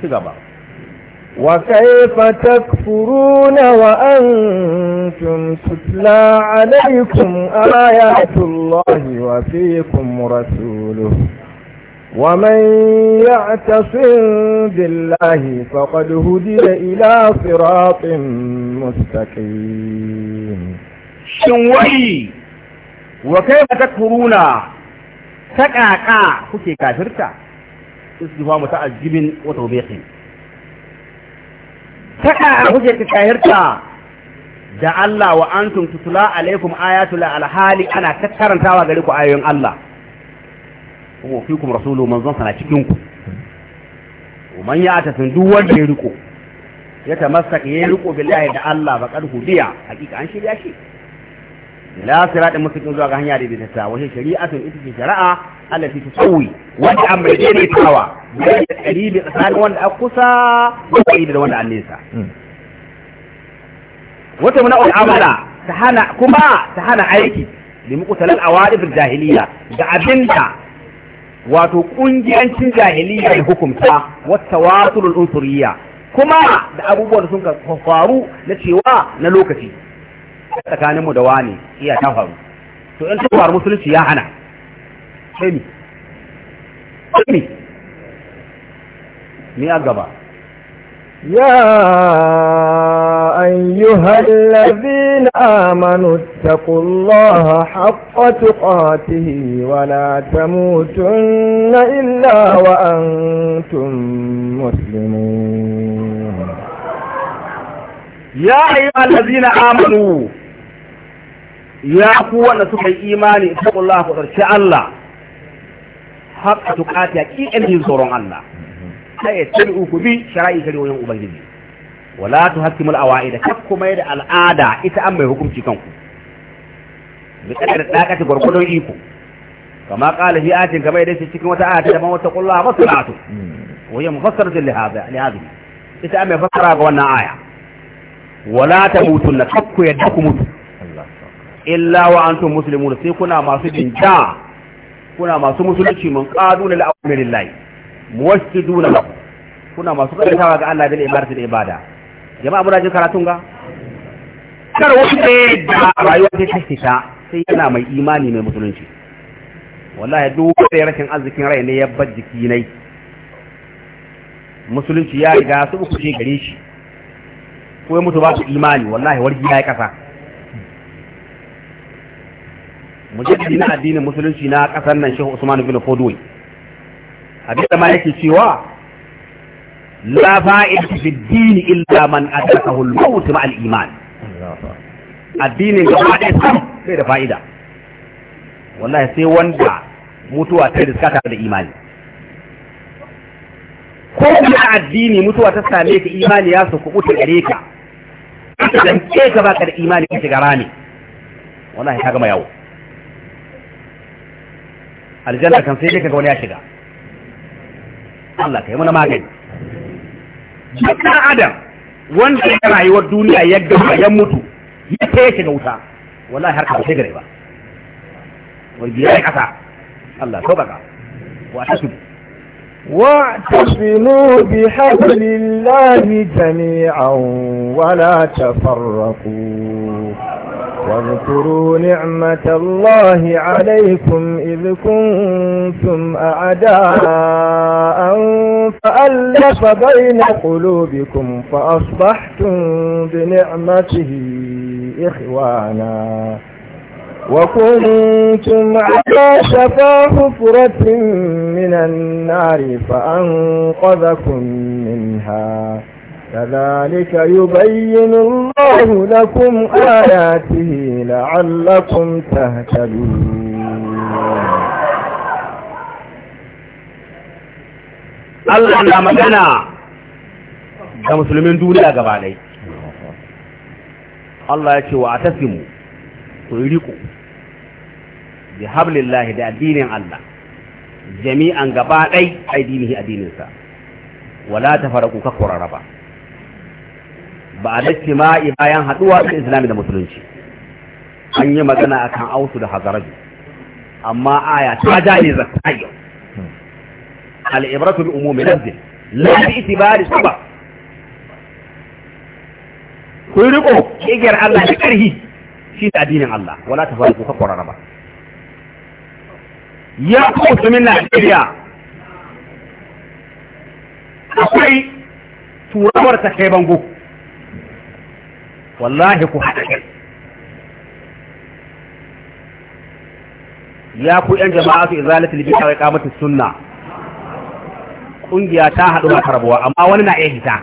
Speaker 4: ci gaba. Wa kaifa takfuruna alaikum ayatullahi wa fikum rasuluhu wa man ya'tasim billahi faqad hudiya ila siratin mustaqim shin wai wa kaifa takfuruna
Speaker 1: takaka kuke kafirta استفهام تعجب a huje ta كاهرتا da Allah wa antum tutula alaikum ayatul alhali ana karantawa gare ku ayoyin Allah kuma fikum rasulu manzon sana cikin ku man ya ta sun
Speaker 4: duk wanda ya riko
Speaker 1: ya tamassaka ya riko billahi da Allah ba kad hudiya hakika an shirya shi la siratin mustaqim zuwa ga hanya da bi ta wa shari'atun ita ce shari'a التي تسوي وأمر جيني تاوى بين القريب الثاني وان أقصى وبعيد الوان عن نيسا وتمنع العمل تحانا كما تحانا عيكي لمقتل الأوائف الجاهلية دعبنتا wato ƙungiyancin jahiliya da hukumta wata wasulul unsuriya kuma da abubuwan da sun faru na cewa na lokaci tsakaninmu da wani iya ta to in ta faru musulunci ya hana ɗani ɗani ni a gaba
Speaker 4: ya ayyuhallazi na amanu ta kullaha haƙƙatu ƙwatihi wa na ta mutun na illa wa an tun musulmi ya ayyuhallazi na amanu
Speaker 1: ya kuwa da suka yi imani ta a ƙwarci Allah haqqa tuqati haqiqan jin tsoron Allah sai tabi'u ku bi shara'i shari'o'in ubangiji wala tuhakkimul awaida kak kuma da al'ada ita an mai hukunci kanku bi kadar dakati gurgudun iko kama qala fi atin kama yadda cikin wata ayata da man wata qulla masalatu wa hiya mufassaratun li hadha li hadhihi ita an mai fassara ga wannan aya wala tamutunna kak ku yadda ku mutu illa wa antum muslimun sai kuna masu jinja kuna masu musulunci mun lil li lillahi muwassiduna lahu kuna masu karantawa ga Allah da ibadati da ibada jama'a muna jin karatun ga
Speaker 2: kar wanda da rayuwa
Speaker 1: ta tsita sai yana mai imani mai musulunci wallahi duk da rashin arzikin rai ne ya bar jiki nai musulunci ya riga su uku ce gare shi ko ya mutu ba su imani wallahi warji ya yi kasa mujallidi na addinin musulunci na kasar nan shehu usman bin fodwe abin da ma yake cewa la fa'id fi dini illa man adrakahu al-maut ma al-iman addinin gaba ɗaya sam bai da fa'ida wallahi sai wanda mutuwa ta riska ta da imani ko kuma addini mutuwa ta same ka imani ya su ta gare ka dan ke ka baka da imani ka shiga rami wallahi ka gama yawo aljanna kan sai ka ga wani ya shiga Allah kai mana magani duk dan adam wanda ya rayuwar duniya ya gaba ya mutu ya kai shiga wuta wallahi har ka sai gare ba wani ya kasa Allah
Speaker 4: ko baka wa tasbu واعتصموا بحبل الله جميعا ولا تفرقوا واذكروا نعمة الله عليكم إذ كنتم أعداء فألف بين قلوبكم فأصبحتم بنعمته إخوانا وكنتم على شفا حفرة من النار فأنقذكم منها كذلك يبين الله لكم آياته لعلكم تهتدون
Speaker 2: Allah na magana da
Speaker 1: musulmin duniya gaba dai Allah ya ce wa atasimu ku riko bi da addinin Allah jami'an gaba dai addinihi addininsa wala tafaraku ka kuraraba ba a dace ma'i bayan haduwa da islami da musulunci an yi magana a kan ausu da hazaraju amma aya ta ja jani zakayyo al'ibratu bi umumi lafzin la ba da saba kun riko igiyar Allah da karhi shi da addinin Allah wala ta faru ka ƙwararra ba ya ku musulmin Najeriya akwai turawar ta kai bango wallahi ku haɗa kai ya ku yan jama'a su izalatul bid'a wa iqamatus sunna kungiya ta haɗu na karbuwa amma wani na iya hita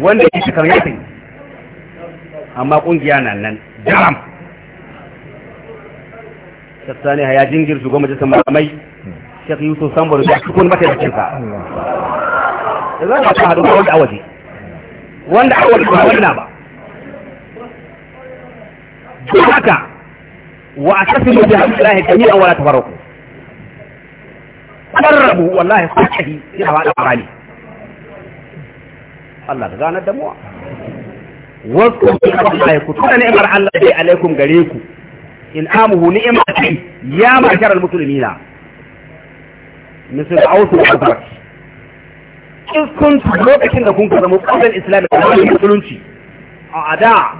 Speaker 2: wanda ya shi karya sai
Speaker 1: amma kungiya na nan jaram shattani ya jingir shugaban majalisar malamai shek yusuf sambo da cikin mataimakinsa
Speaker 2: idan ba ta haɗu kawai a
Speaker 1: waje wanda aka wani ba wannan ba duk haka wa a tafi mu biya Allah ta yi awala ta farko qarrabu wallahi sahihi ina ba da barani Allah ka ganar da mu wasu Allah ku tuna ni'mar Allah dai alaikum gare ku in amuhu ni'mati ya ma'shar al-muslimina misal ausu wa in kun lokacin da kun ka zama ƙasar islam da wani musulunci a da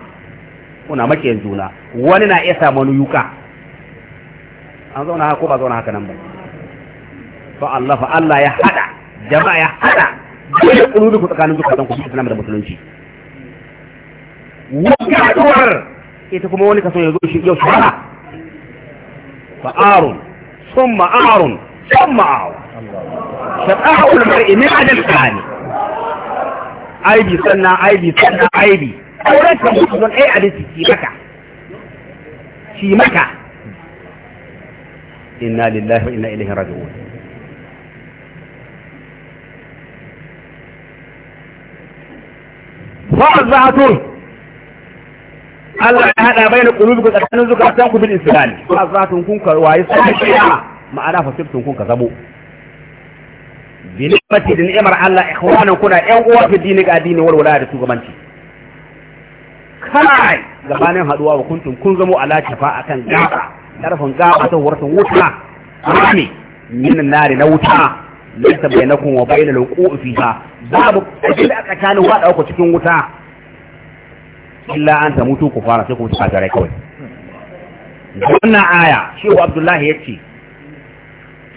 Speaker 1: kuna makiyan juna wani na iya samu wani yuka an zauna haka ko ba zauna haka nan ba fa Allah fa Allah ya hada jama'a ya hada dole kulubi ku tsakanin zukatan ku islam da musulunci wani haɗuwar ita kuma wani kaso ya zo shi yau shi ba arun summa arun
Speaker 2: tamma shata'ul
Speaker 1: mar'i a adal kani aibi sannan aibi sannan aibi auren ta ka mutum ai adalci ki maka ki maka inna lillahi wa inna ilaihi raji'un fa'azatun Allah ya hada bayan ga tsakanin zukatanku bil islam fa'azatun kun karwaye sai kiyama ma'ana fasirtun kun ka zamo bi Mati da ni'mar Allah ikhwanan kuna ƴan uwa fi dini ga addini wal da shugabanci kai gabanin haduwa wa kuntum kun zamo ala shafa akan gaba karfin gaba ta wurin wuta rami min nari na wuta laysa bainakum wa bainal wuqu'i fiha babu ajil aka tani wa dauko cikin wuta illa an tamutu ku fara sai ku tsaka rai kawai wannan aya shehu abdullahi yace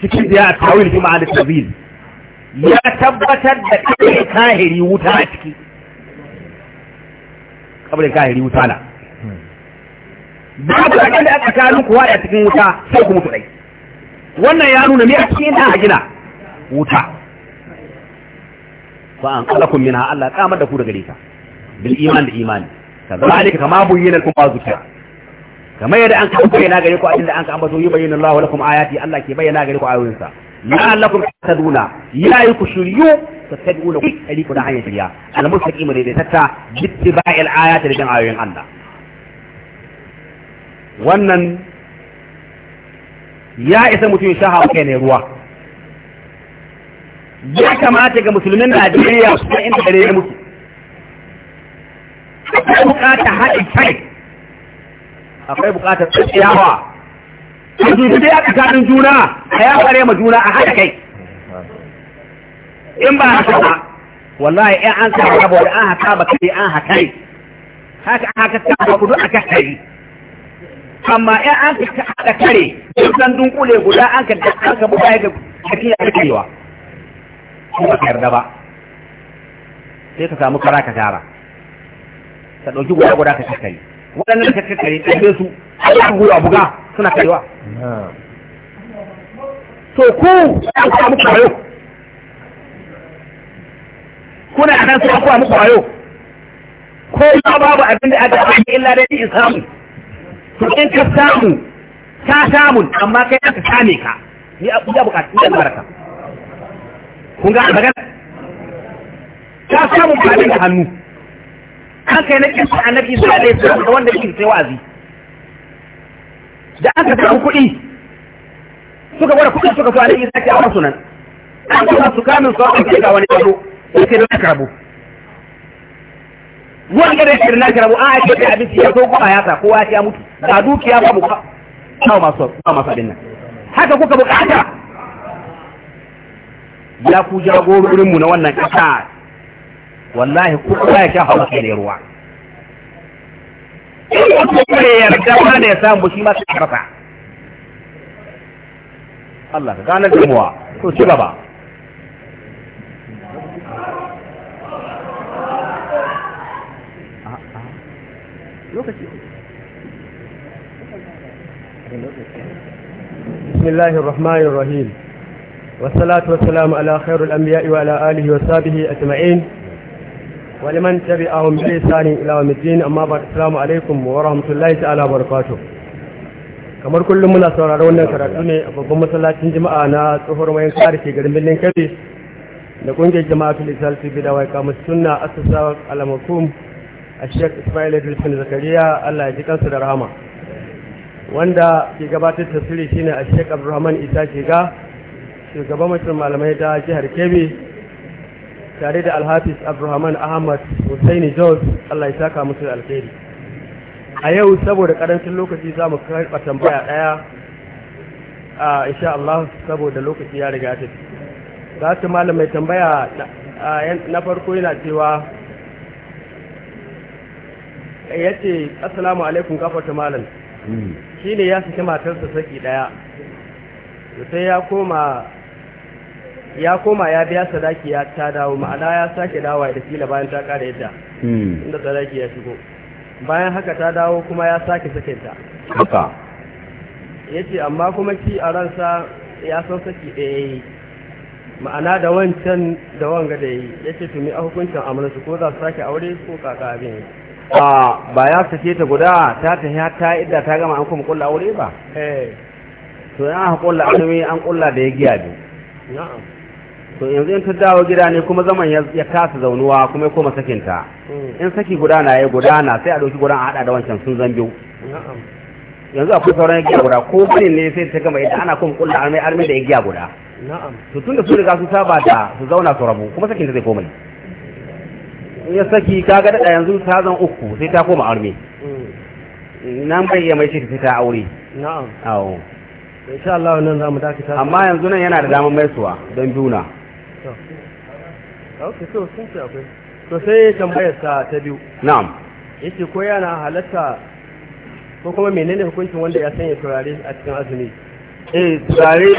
Speaker 1: cikin ziyara ta tawil fi ma'anar tabil ya tabbatar da kai kahiri wuta a ciki kabarin kahiri wuta na babu a da aka kalu kuwa a cikin wuta sai ku mutu dai wannan ya nuna me a cikin da a gina wuta fa an qalakun mina Allah kamar da ku daga nesa, bil iman da imani kazalika kama buyyana kuma zuciya kamar yadda an kafa bayyana gare ku abinda an ka ambato yi bayyana Allah lakum ayati Allah ke bayyana gare ku ayoyinsa la'allakum taduna yayi ku shiryu taduna ku dari ku da hanyar shirya al-mustaqim ne da tatta bittiba'il ayati da ayoyin Allah wannan ya isa mutum shaha kai ne ruwa ya kamata ga musulmin Najeriya su san inda dare ya mutu. Ka bukata haɗin kai akwai bukatar tsakiyawa a dubi dai ya tsakanin juna a ya kware ma juna a haɗa kai in ba haka ba wallahi in an sa abu da an haka ba kai an haka ne haka haka ta ba kudu a kai amma in an ka haɗa kare duk san dunkule guda an ka an ka buga ga kafiya kaiwa ko ba yarda ba sai ka samu kara ka tara ka ɗauki guda guda ka kakari waɗannan ka kare ɗaɗe su a buga buga suna karewa
Speaker 2: so ku ya kuwa muku wayo kuna anan su ya kuwa muku kwayo. ko ya
Speaker 1: babu abin da aka faɗi illa dai in samu to in ka samu ka samu amma kai aka same ka ni abu ya bukatu ɗan baraka kun ga magana
Speaker 2: ka samu ba da
Speaker 1: hannu haka na kirkin annabi isa alaihi salam da wanda yake sai wa'azi da aka samu kuɗi suka gwada kuɗi suka so annabi isa ke a nan an kuma su kamun su ka ga wani yaro sai da karabo wanda da shirin naka rabu an ake da abin ya zo kuma ya sa kowa ya mutu ga dukiya babu ba kawo masu ba masu abin nan
Speaker 2: haka kuka bukata
Speaker 1: ya ku jagorinmu na wannan kasa والله كل ما يشاء الله كي يروع الله قال الجموع شو بابا
Speaker 3: بسم الله الرحمن الرحيم والصلاة والسلام على خير الأنبياء وعلى آله وصحبه أجمعين ولمن تبعهم بإحسان إلى يوم الدين أما بعد السلام عليكم ورحمة الله تعالى وبركاته kamar kullum muna sauraron wannan karatu ne a babban masallacin jama'a na tsohuwar wayan kare ke garin birnin kabe da kungiyar jama'a fil isal fi bida wai kamar sunna asasa alamakum a shek ismail idris zakariya allah ya ji kansu da rahama wanda ke gabatar tasiri shine a shek abdurrahman isa shiga shugaban mutum malamai da jihar Kebbi. tare da Alhafis abdulrahman ahmad hussaini george allah ya saka musu alheri a yau saboda karancin lokaci za mu karɓa tambaya ɗaya a insha allah saboda lokaci ya riga ta za su malamai tambaya na farko yana cewa ya ce assalamu alaikum kafarta malam hmm. shi ne ya saki matarsa saki ɗaya sai ya koma ya koma ya biya sadaki ya ta dawo ma'ana ya sake dawa da fila bayan ta kada yadda hmm. inda sadaki ya shigo bayan haka ta dawo kuma ya sake sakinta haka ce amma kuma ki a ransa ya san saki ya yi ma'ana da wancan da wanga da yi ya ce tumi a hukuncin amurci ko za su sake aure ko kaka abin yi a
Speaker 1: ba ya sake ta guda ta ta ta idda ta gama an kuma kulla aure ba eh to yana kulla aure an kulla da ya giya biyu na'am to yanzu in ta dawo gida ne kuma zaman ya kasa zaunuwa kuma ya koma sakinta mm. in saki gudana ya gudana sai a ɗauki gudan a haɗa da wancan sun zan biyu yanzu a kusa sauran igiya guda ko bane ne sai ta gama idan ana kuma kulla armai armai da igiya guda to da su riga su saba da su zauna su rabu kuma sakinta zai koma ne in ya saki ga daɗa yanzu ta zan uku sai ta koma armai
Speaker 2: mm.
Speaker 1: nan bai iya mai ce ta aure na'am awo insha Allah nan
Speaker 3: zamu dakata amma yanzu nan yana da damar
Speaker 1: maisuwa don juna.
Speaker 3: ok so sun ce akwai to sai tambayar sa ta biyu na'am yace ko yana halatta ko kuma menene hukuncin wanda ya sanya turare a cikin azumi
Speaker 1: eh turare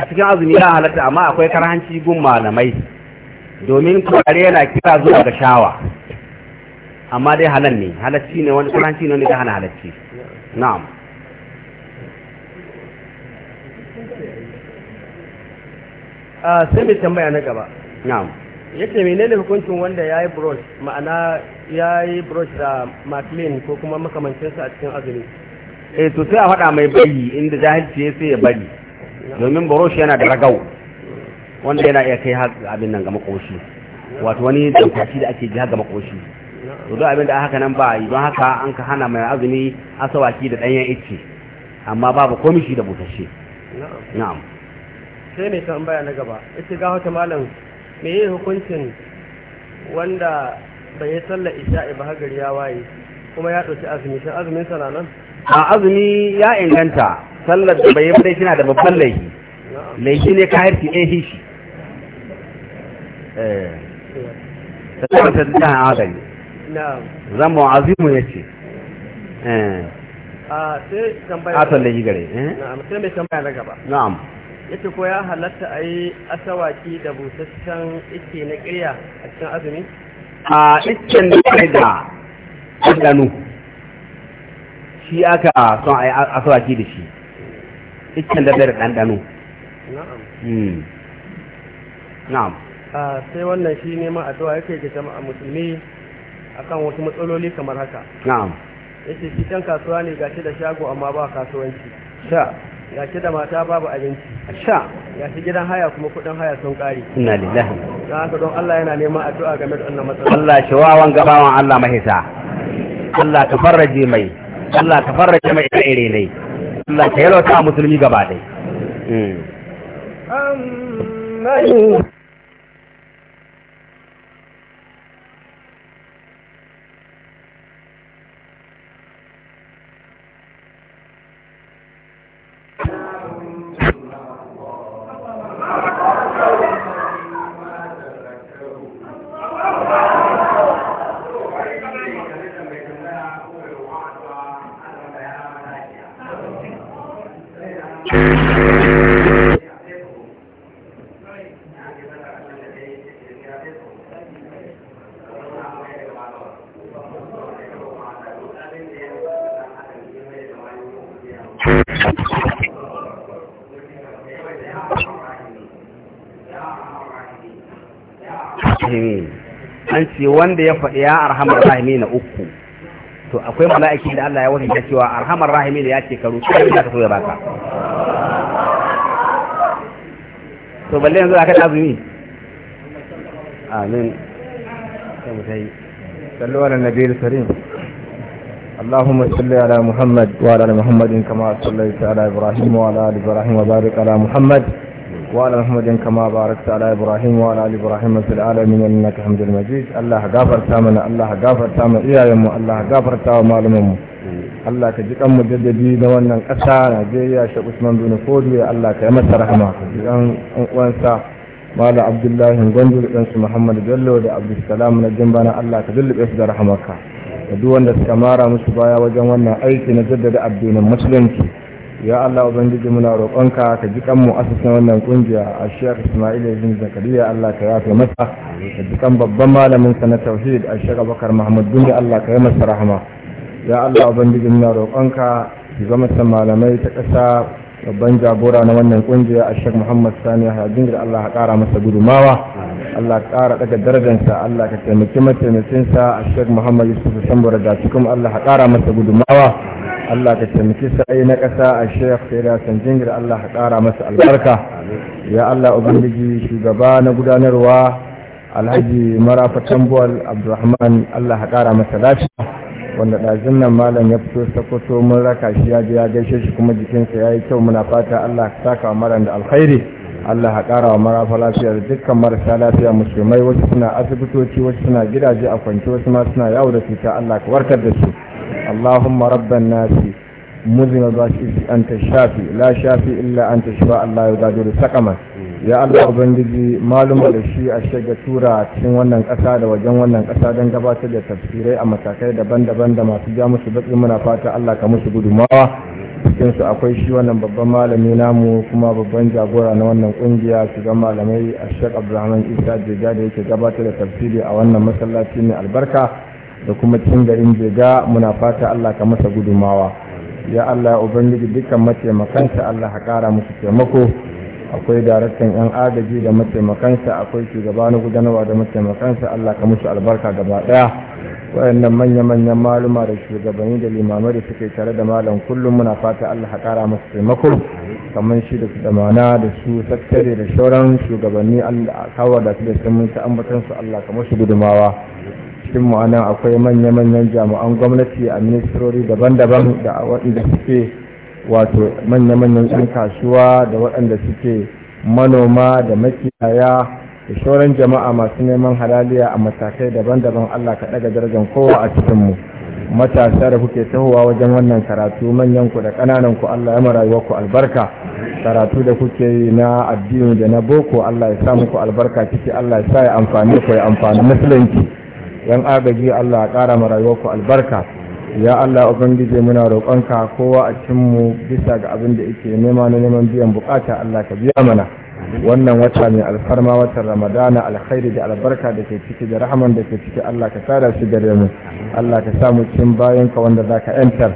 Speaker 1: a cikin azumi ya halatta amma akwai karhanci gun malamai domin turare yana kira zuwa ga shawa amma dai halal ne halacci ne wani karhanci ne da hana halacci na'am
Speaker 3: a ah, sai mai tambaya na gaba na'am yace menene hukuncin wanda ya yi brush ma'ana ya yi brush da maklin ko kuma makamancinsa a cikin azumi
Speaker 1: eh to sai a faɗa mai bari inda jahilci ya sai ya bari
Speaker 2: domin brush yana da ragau
Speaker 1: wanda yana iya kai har abin nan ga makoshi wato wani damfashi da ake ji ga makoshi to duk abin da haka nan ba yi don haka an ka hana mai azumi asawaki da danyen ice amma babu komishi da butashe na'am
Speaker 3: sai mai tambaya na gaba ita ga wata malam me yi hukuncin wanda bai yi sallar isha'i ba hagari ya waye kuma ya ɗauki azumi shi azumin sana nan
Speaker 1: a azumi ya inganta sallar da bai yi bai na da babban laifi laifi ne kayar fi ɗaya shi eh. ta tsawon ta dukkan azumi zama azimu ya ce eh.
Speaker 3: a sai tambaya a sallar yi gare eh? na'am sai mai tambaya na gaba na'am yace ko ya halatta a yi asawaki da busasshen iske na ƙirya a cikin azumi? a isken da kai da
Speaker 1: ɗanɗano shi aka son a yi asawaki da shi isken da da ɗanɗano na'am hmm. na'am
Speaker 3: sai wannan shi neman addu'a yake ga jama'a musulmi akan wasu matsaloli kamar haka na'am yake shi ɗan kasuwa ne gashi da shago amma ba kasuwanci sha ya shi da mata babu abinci sha ya shi gidan haya kuma kudin haya sun kare inna lillahi don haka don Allah yana neman addu'a game da wannan matsala
Speaker 1: Allah shi wawan gabawan Allah mahisa Allah ka farraje mai Allah ka farraje mai da ire ne Allah ka yalwata musulmi gaba dai ce wanda ya faɗi ya arhamar rahimi na uku to akwai mala'iki da Allah ya wata ya cewa arhamar rahimi da ya ce karu sai ya ka so ya baka
Speaker 4: to balle yanzu aka zuwi amin sai mu tayi sallu ala nabiyil karim اللهم صل على محمد وعلى محمد كما صليت على ابراهيم وعلى ال ابراهيم وبارك على محمد وعلى محمد كما باركت على إبراهيم وعلى آل إبراهيم في العالمين إنك حمد المجيد الله غافر تامنا الله غافر تام إيايمو الله غافر تام معلممو Allah ka ji kan mujaddadi da wannan ƙasa Najeriya Sheikh Usman bin Fodi Allah ka yi masa rahama dan uwansa Malam Abdullahi Gwandu da ɗansu Muhammad Bello da salam na Jimbana Allah ka dullube su da rahamarka da duk wanda suka mara musu baya wajen wannan aiki na jaddada addinin musulunci ya Allah ubangiji muna roƙonka ka ji kan mu asusun wannan kungiya a Sheikh Ismail ibn Zakariya Allah ka yafe masa ka ji kan babban malamin sa na tauhid a Sheikh Abubakar Muhammad Dunni Allah ka yi masa rahama ya Allah ubangiji muna roƙonka ki zama sa malamai ta ƙasa babban jagora na wannan kungiya a Sheikh Muhammad Sani ya jingir Allah ka ƙara masa gudumawa Allah ka ƙara daga darajarsa Allah ka taimaki mataimakinsa a Sheikh Muhammad Yusuf Sambura da cikin Allah ka ƙara masa gudumawa Allah ka taimaki sai na ƙasa a Sheikh san Jingir Allah ka ƙara masa albarka ya Allah ubangiji shugaba na gudanarwa Alhaji Marafa Tambuwal Abdulrahman Allah ka ƙara masa lafiya wanda ɗazin nan malam ya fito sakoto mun raka shi ya ji ya gaishe shi kuma jikinsa ya yi kyau muna fata Allah ka saka wa maran da alkhairi Allah ya ƙara wa marafa lafiya da dukkan marasa lafiya musulmai wasu suna asibitoci wasu suna gidaje a kwance wasu ma suna yawo da cuta Allah ka warkar da su اللهم رب الناس مذنب باشيش أنت الشافي لا شافي إلا أنت شفاء الله يغادر سقما ya Allah Ubangiji maluma da shi a shiga tura cikin wannan ƙasa da wajen wannan ƙasa don gabatar da tafsirai a matakai daban-daban da masu ja musu baƙi muna fata Allah ka musu gudumawa cikin su akwai shi wannan babban malami namu kuma babban jagora na wannan kungiya su ga malamai a Sheikh Abdulrahman Isa Jeja da yake gabatar da tafsiri a wannan masallaci mai albarka da kuma cin garin jega muna fata Allah ka masa gudumawa ya Allah ubangiji dukkan mataimakansa Allah ka kara musu taimako akwai daraktan yan agaji da mataimakansa akwai shugaba na gudanarwa da mataimakansa Allah ka musu albarka gaba daya wayannan manya-manyan maluma da shugabanni da limamai da suke tare da malam kullum muna fata Allah kara musu taimako kamar shi da su damana da su tattare da shauran shugabanni Allah kawo da su da sun mun ta ambatan su Allah ka musu gudumawa cikinmu a nan akwai manya-manyan jami'an gwamnati a ministrori daban-daban da waɗanda suke wato manya-manyan 'yan kasuwa da waɗanda suke manoma da makiyaya da sauran jama'a masu neman halaliya a matakai daban-daban Allah ka ɗaga darajar kowa a cikinmu matasa da kuke tahowa wajen wannan karatu manyan ku da ƙananan ku Allah ya marayuwa ku albarka karatu da kuke yi na addini da na boko Allah ya sa muku albarka ciki Allah ya sa ya amfani ku ya amfani musulunci yan agaji Allah kara ma rayuwarku albarka ya Allah ubangije muna roƙonka kowa a cin mu bisa ga abin da yake nema na neman biyan bukata Allah ka biya mana wannan wata mai alfarma watan ramadana alkhairi da albarka da ke ciki da rahaman da ke ciki Allah ka tsara su gare mu Allah ka sa mu cikin bayan ka wanda zaka yantar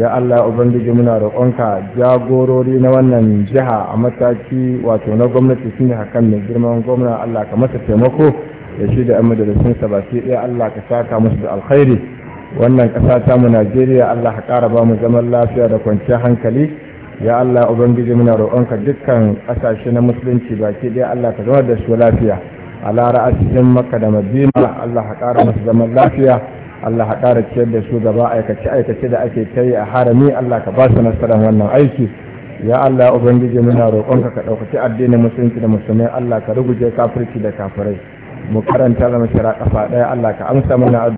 Speaker 4: ya Allah ubangiji muna roƙonka jagorori na wannan jiha a mataki wato na gwamnati sun hakan mai girman gwamna Allah ka masa taimako ya ce da 'yan majalisunsa ba sai ɗaya Allah ka saka musu da alkhairi wannan ƙasa ta mu Najeriya Allah ka ƙara ba mu zaman lafiya da kwanciyar hankali ya Allah ubangiji muna roƙonka dukkan ƙasashe na musulunci baki ɗaya Allah ka zama da su lafiya a lara cikin Makka da Madina Allah ka ƙara musu zaman lafiya Allah ka ƙara ciyar da su gaba aikace aikace da ake ta yi a harami Allah ka ba su nasarar wannan aiki ya Allah ubangiji muna roƙonka ka ɗaukaci addinin musulunci da musulmai Allah ka ruguje kafirci da kafirai mu karanta da mu kira kafa daya Allah ka amsa mana